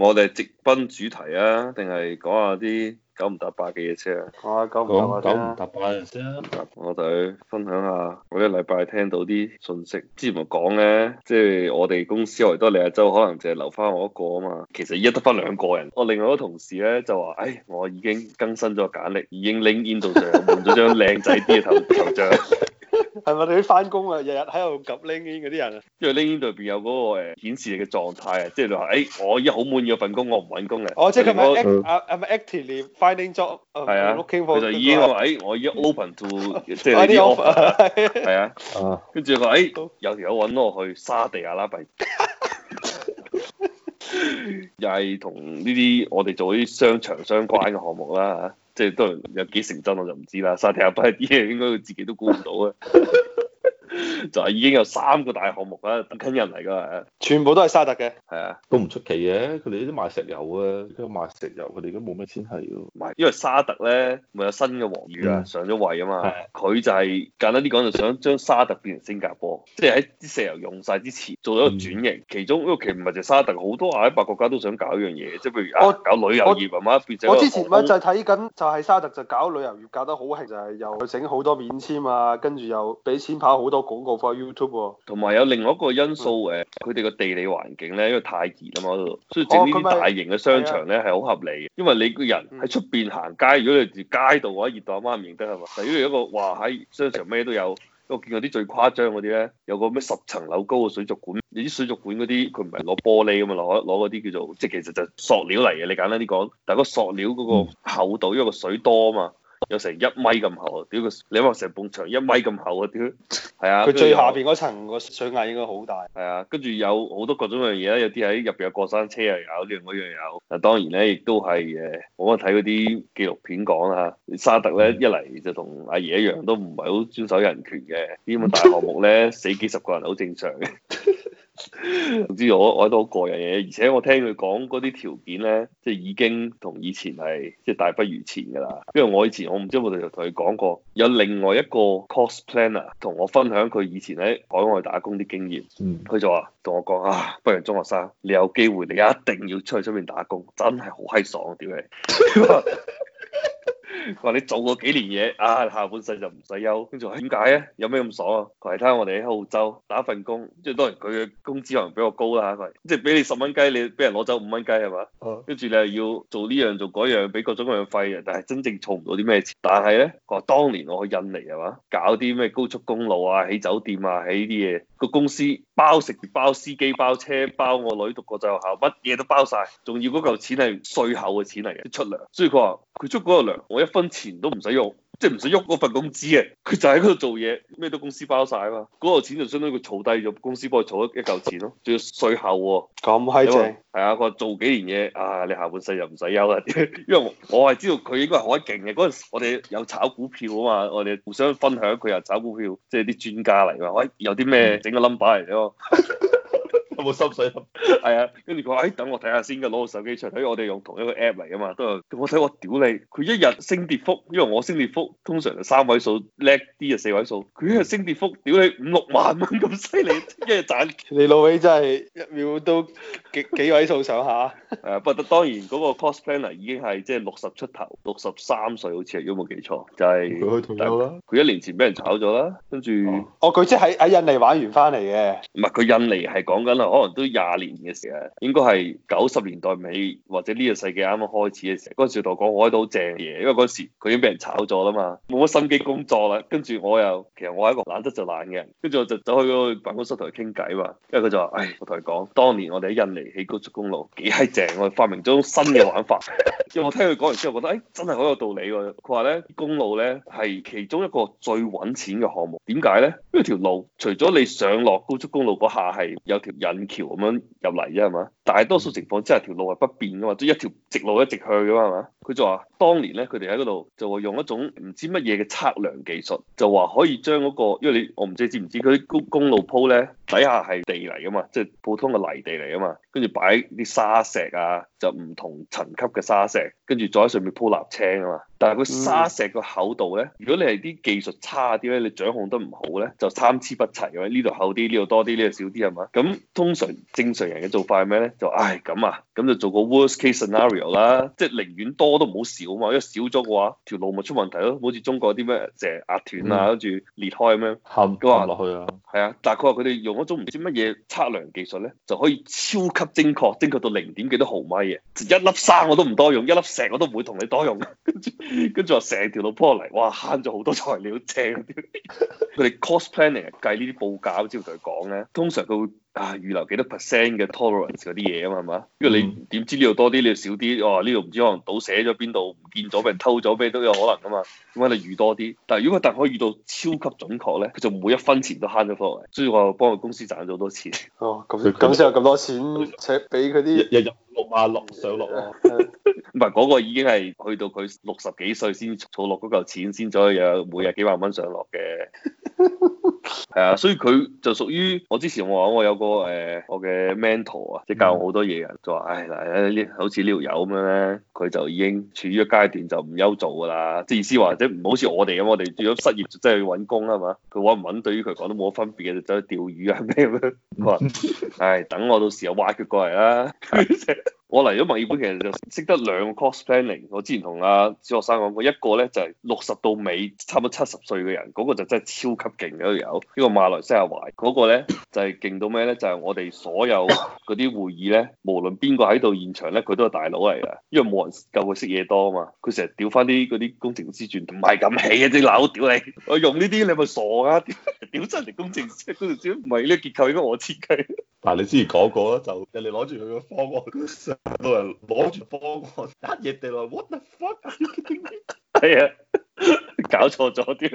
我哋直奔主題啊，定係講下啲九唔搭八嘅嘢先啊。九唔搭八先啊。啊啊我哋分享下，我一個禮拜聽到啲信息，之前咪講咧，即係我哋公司維多利亞州可能淨係留翻我一個啊嘛。其實依家得翻兩個人，我另外一個同事咧就話，唉，我已經更新咗簡歷，已經 LinkedIn 度上換， 換咗張靚仔啲嘅頭 頭像。係咪你翻工啊？日日喺度撳 LinkedIn 嗰啲人啊，因為 LinkedIn 入邊有嗰、那個誒、呃、顯示你嘅狀態啊，即係你話誒，我依家好滿意嗰份工，我唔揾工嘅。哦，即係佢咪誒，I'm actively finding job，係啊，looking for。佢就依個位，我依家 open to、嗯、即係呢、er, 啊，啊啊跟住佢誒有條友揾我去沙地阿拉伯， 又係同呢啲我哋做啲商場相關嘅項目啦嚇。啊。即係都有幾成真我就唔知啦，沙地阿拉伯啲嘢應該佢自己都估唔到啊。 就係已經有三個大項目啦，等緊人嚟噶，全部都係沙特嘅，係的啊，都唔出奇嘅。佢哋都賣石油啊，都賣石油，佢哋都冇乜錢係要唔，因為沙特咧，咪有新嘅王雨啊，上咗位啊嘛。佢的就係、是、簡單啲講，就想將沙特變成新加坡，即係喺啲石油用晒之前做咗個轉型。的其中，一尤其唔係就沙特，好多阿拉伯國家都想搞一樣嘢，即係譬如我啊，搞旅遊業係嘛。我，我之前咪就係睇緊，就係沙特就搞旅遊業搞得好興，就係、是、又去整好多免簽啊，跟住又俾錢跑好多。廣告翻 YouTube 喎，同埋、啊、有另外一個因素誒，佢哋個地理環境咧，因為太熱啊嘛，哦、所以整呢啲大型嘅商場咧係好合理嘅。因為你個人喺出邊行街，嗯、如果你住街度嘅話熱到阿媽唔認得係嘛，但係如果一個哇喺商場咩都有，我見過啲最誇張嗰啲咧，有個咩十層樓高嘅水族館。你啲水族館嗰啲佢唔係攞玻璃㗎嘛，攞攞嗰啲叫做即係其實就塑料嚟嘅，你簡單啲講。但係嗰塑料嗰個厚度，嗯、因為個水多啊嘛。有成一米咁厚，屌，個你話成埲牆一米咁厚啊，屌係啊！佢最下邊嗰層個水壓應該好大。係啊，跟住有好多各種各樣嘢咧，有啲喺入邊有過山車啊，有呢樣嗰樣有。嗱，當然咧，亦都係誒，我睇嗰啲紀錄片講啦吓。沙特咧一嚟，就同阿爺一樣，都唔係好遵守人權嘅，呢咁大項目咧死幾十個人好正常嘅。 唔 知，我我喺好過癮嘅，而且我聽佢講嗰啲條件呢，即係已經同以前係即係大不如前噶啦。因為我以前我唔知有冇同同佢講過，有另外一個 course planner 同我分享佢以前喺海外打工啲經驗，佢、mm hmm。就話同我講啊，不如中學生，你有機會你一定要出去出面打工，真係好閪爽，屌你！佢話：你做過幾年嘢，啊下半世就唔使休。跟住話點解啊？有咩咁爽啊？佢係睇下我哋喺澳洲打份工，即係當然佢嘅工資可能比我高啦嚇。即係俾你十蚊雞，你俾人攞走五蚊雞係嘛？跟住你係要做呢樣做嗰樣，俾各種各樣費嘅，但係真正儲唔到啲咩錢。但係咧，佢話當年我去印尼係嘛，搞啲咩高速公路啊，起酒店啊，起呢啲嘢個公司。包食、包司機、包車、包我女讀國際學校，乜嘢都包晒，仲要嗰嚿錢係稅後嘅錢嚟嘅，啲出糧，所以佢話佢出嗰個糧，我一分錢都唔使用。即係唔使喐嗰份工資嘅，佢就喺嗰度做嘢，咩都公司包晒啊嘛。嗰嚿錢就相當於佢儲低咗，公司幫佢儲咗一嚿錢咯。仲要稅後喎，咁閪正係啊！佢做幾年嘢啊，你下半世又唔使憂啊。因為我係知道佢應該係好勁嘅。嗰陣時我哋有炒股票啊嘛，我哋互相分享，佢又炒股票，即係啲專家嚟㗎。喂，有啲咩整個 number 嚟咯。 有冇心水啊？係啊， 跟住佢話：哎，等我睇下先㗎，攞個手機出嚟，我哋用同一個 app 嚟㗎嘛，都我睇我屌你，佢一日升跌幅，因為我升跌幅通常就三位數，叻啲就四位數，佢一日升跌幅屌你五六萬蚊咁犀利，一日賺 你老味真係一秒都幾 幾位數上下。誒、 啊，不過當然嗰個 cosplayer 已經係即係六十出頭，六十三歲好似係如果冇記錯就係、是。佢去佢一年前俾人炒咗啦，跟住、哦哦。哦，佢即係喺喺印尼玩完返嚟嘅。唔係，佢印尼係講緊可能都廿年嘅時候，應該係九十年代尾或者呢個世紀啱啱開始嘅時候。嗰陣同我講我喺度好正嘢，因為嗰時佢已經俾人炒咗啦嘛，冇乜心機工作啦。跟住我又其實我係一個懶得就懶嘅人，跟住我就走去個辦公室同佢傾偈嘛。跟住佢就話：唉，我同佢講，當年我哋喺印尼起高速公路幾閪正，我發明咗新嘅玩法。因為 我聽佢講完之後，覺得唉、哎、真係好有道理喎、啊。佢話咧，公路咧係其中一個最揾錢嘅項目，點解咧？因為條路除咗你上落高速公路嗰下係有條人。橋咁樣入嚟啫，係嘛？大多數情況之下，條路係不變噶嘛，即係一條直路一直去噶嘛，係嘛？佢就話當年咧，佢哋喺嗰度就會用一種唔知乜嘢嘅測量技術，就話可以將嗰、那個因為你我唔知你知唔知佢啲公公路鋪咧底下係地嚟噶嘛，即、就、係、是、普通嘅泥地嚟啊嘛，跟住擺啲沙石啊，就唔同層級嘅沙石，跟住再喺上面鋪瀝青啊嘛。但係佢沙石個厚度咧，如果你係啲技術差啲咧，你掌控得唔好咧，就參差不齊啊嘛，呢度厚啲，呢度多啲，呢度少啲，係嘛？咁通常正常人嘅做法係咩咧？就唉咁啊，咁就做個 worst case scenario 啦，即係寧願多都唔好少啊嘛，因為少咗嘅話條路咪出問題咯，好似中國啲咩成壓斷啊，跟住裂開咁樣陷咁啊落去啊，係啊，但係佢話佢哋用一種唔知乜嘢測量技術咧，就可以超級精確，精確到零點幾多毫米嘅，一粒沙我都唔多用，一粒石我都唔會同你多用， 跟住跟住話成條路鋪落嚟，哇慳咗好多材料正，啊，佢哋 cost planning 計呢啲報價都知道佢講咧，通常佢會。啊，預留幾多 percent 嘅 tolerance 嗰啲嘢吖嘛，係嘛？因為你點知呢度多啲，你少啲，哇、哦！呢度唔知可能倒瀉咗邊度，唔見咗，俾人偷咗咩都有可能㗎嘛。點解你預多啲？但係如果佢但可以預到超級準確咧，佢就每一分錢都慳咗翻嚟，所以我幫佢公司賺咗好多錢。哦，咁咁先有咁多錢，且俾佢啲日日六萬六上落。唔係嗰個已經係去到佢六十幾歲先儲落嗰嚿錢，先再有每日幾萬蚊上落嘅。 係啊，所以佢就屬於我之前我話我有個誒、呃，我嘅 mentor 啊，即係教我好多嘢啊，就話，唉、哎、嗱，呢好似呢條友咁樣咧，佢就已經處於一個階段就唔憂做噶啦，即係意思話即唔好似我哋咁，我哋如果失業就真係要揾工啦，係嘛？佢揾唔揾對於佢講都冇乜分別嘅，就走去釣魚啊咩咁樣，咁啊，唉、哎，等我到時候挖佢過嚟啦。 我嚟咗墨爾本，其實就識得兩個 course planning 我之前同阿小學生講過，一個咧就係六十到尾，差唔多七十歲嘅人，嗰、那個就真係超級勁嘅都有。呢個馬來西亞華，嗰、那個咧就係勁到咩咧？就係、是就是、我哋所有嗰啲會議咧，無論邊個喺度現場咧，佢都係大佬嚟噶。因為冇人夠佢識嘢多啊嘛，佢成日屌翻啲嗰啲工程師轉，唔係咁起啊啲樓屌你，我用呢啲你咪傻啊？屌真係工程師，工程師唔係呢個結構應該我設計。但你之前講過咯，就人哋攞住佢個方案，上到攞住方案，乜嘢地落？What the fuck？係啊，搞錯咗啲，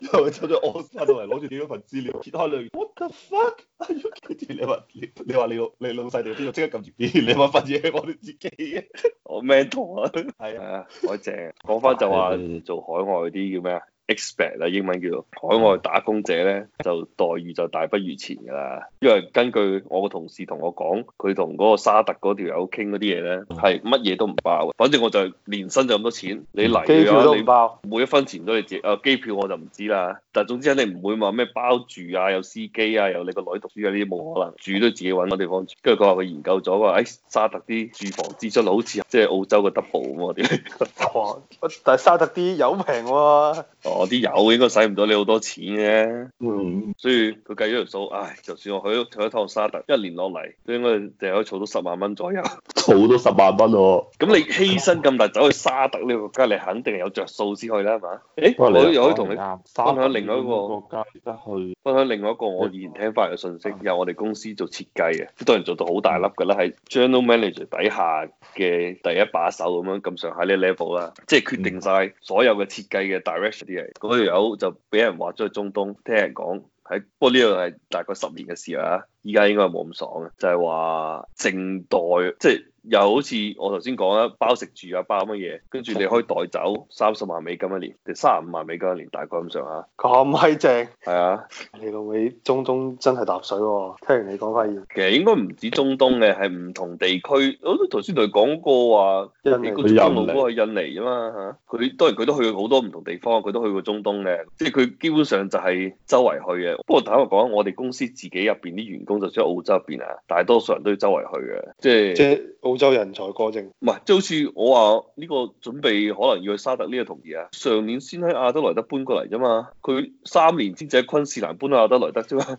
因又走咗阿 Sir 到嚟攞住你樣份資料揭開嚟？What the fuck？阿 Young，你話你話你，你，你老你老細哋邊度即刻撳住邊？你乜嘢？有有我哋自己嘅。我 mental 啊，係啊，好正。 講翻就話做海外啲叫咩啊？expert 啊，英文叫做海外打工者咧，就待遇就大不如前噶啦。因為根據我個同事同我講，佢同嗰個沙特嗰條友傾嗰啲嘢咧，係乜嘢都唔包。反正我就年薪就咁多錢，你嚟嘅話，機票都包你包每一分錢都你自己。啊，機票我就唔知啦。但係總之肯定唔會話咩包住啊，有司機啊，有你個女讀書啊，啲冇可能。住都自己揾個地方住。跟住佢話佢研究咗話，誒、哎、沙特啲住房支出好似即係澳洲嘅 double 咁啊啲。 但係沙特啲有平喎、啊。我啲、哦、油應該使唔到你好多錢嘅、啊，嗯、所以佢計咗條數，唉，就算我去，去一趟沙特，一年落嚟都應該淨係可以儲到十萬蚊左右。好多十萬蚊喎、啊！咁你犧牲咁大走去沙特呢個國家，你肯定係有着數先去啦，係、欸、嘛？誒、啊，我又可以同你分享另外一個國家，而家去分享另外一個我以前聽翻嘅信息，有我哋公司做設計嘅，都人做到好大粒㗎啦，係、嗯、Journal Manager 底下嘅第一把手咁樣咁上下呢個 level 啦，即係決定晒所有嘅設計嘅 direction 啲嘢。嗰條友就俾人話咗去中東，聽人講喺不過呢樣係大概十年嘅事啦、啊，依家應該冇咁爽嘅，就係話靜待即係。又好似我頭先講啦，包食住啊，包乜嘢，跟住你可以袋走三十萬美金一年，定三十五萬美金一年，大概咁上下。咁閪正，係啊！你老味中東真係踏水喎、哦，聽完你講翻嘢。其實應該唔止中東嘅，係唔同地區。我頭先同佢講過話，印尼你個中東佬嗰個印尼啊嘛嚇，佢當然佢都去過好多唔同地方，佢都去過中東嘅，即係佢基本上就係周圍去嘅。不過坦白講，我哋公司自己入邊啲員工，就算喺澳洲入邊啊，大多數人都要周圍去嘅，即係即係。澳洲人才過剩，唔係即係好似我話呢個準備可能要去沙特呢個同意啊，上年先喺阿德萊德搬過嚟啫嘛，佢三年先至喺昆士蘭搬到阿德萊德啫嘛，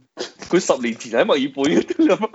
佢十年前喺墨爾本。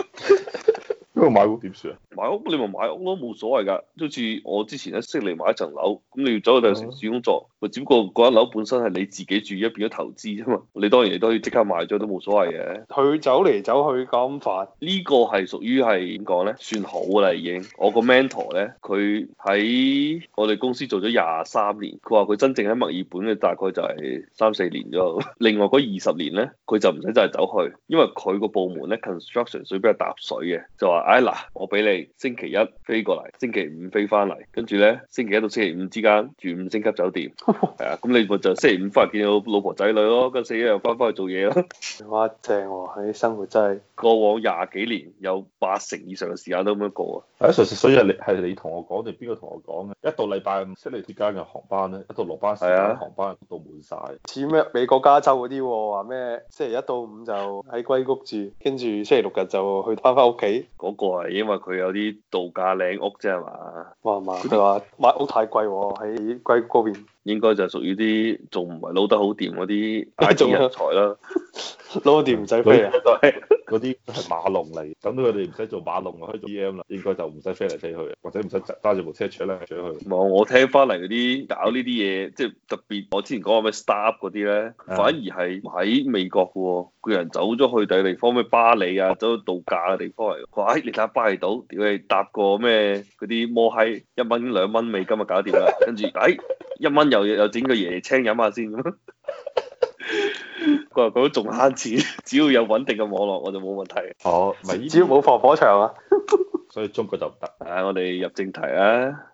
佢買屋點算啊？買屋你咪買屋咯，冇所謂㗎。好似我之前喺悉尼買一層樓，咁你要走去第二城市工作，咪、嗯、只不過嗰間樓本身係你自己住一邊，咗投資啫嘛。你當然都可以即刻賣咗都冇所謂嘅。佢走嚟走去咁快，呢個係屬於係點講咧？算好啦，已經。我個 mentor 咧，佢喺我哋公司做咗廿三年，佢話佢真正喺墨爾本嘅大概就係三四年左右， 另外嗰二十年咧，佢就唔使走嚟走去，因為佢個部門咧 construction 水比較搭水嘅，就話。嗱、啊，我俾你星期一飛過嚟，星期五飛翻嚟，跟住咧星期一到星期五之間住五星級酒店，係啊， 咁你咪就星期五翻嚟見到老婆仔女咯，跟住星期一又翻翻去做嘢咯。哇，正喎、哦，啲生活真係過往廿幾年有八成以上嘅時間都咁樣過啊。係所以你係你同我講定邊個同我講嘅？一到禮拜五識你脫加嘅航班咧，一到落班時間航的班到滿晒。似咩美國加州嗰啲話咩？星期一到五就喺硅谷住，跟住星期六日就去翻返屋企。因為佢有啲度假嶺屋啫，係嘛哇？話嘛，佢話買屋太貴喎，喺貴嗰邊。應該就屬於啲仲唔係撈得好掂嗰啲大眾人才啦，撈得掂唔使飛啊！ 嗰啲都係馬龍嚟，等到佢哋唔使做馬龍啦，可以做 E M 啦，應該就唔使飛嚟飛去，或者唔使揸住部車出嚟出去。冇，我聽翻嚟嗰啲搞呢啲嘢，即係特別，我之前講話咩 Start Up 嗰啲咧，反而係喺美國嘅喎，個人走咗去第地方，咩巴黎啊，走度假嘅地方嚟。話，哎，你睇下巴厘島，屌你搭個咩嗰啲摩蝦，一蚊兩蚊美金啊，搞掂啦，跟住誒一蚊又又整個椰青飲下先咁。佢話佢都仲慳錢，只要有穩定嘅網絡，我就冇問題。哦，唔係，只要冇防火牆啊。 所以中國就唔得。啊。我哋入正題啊。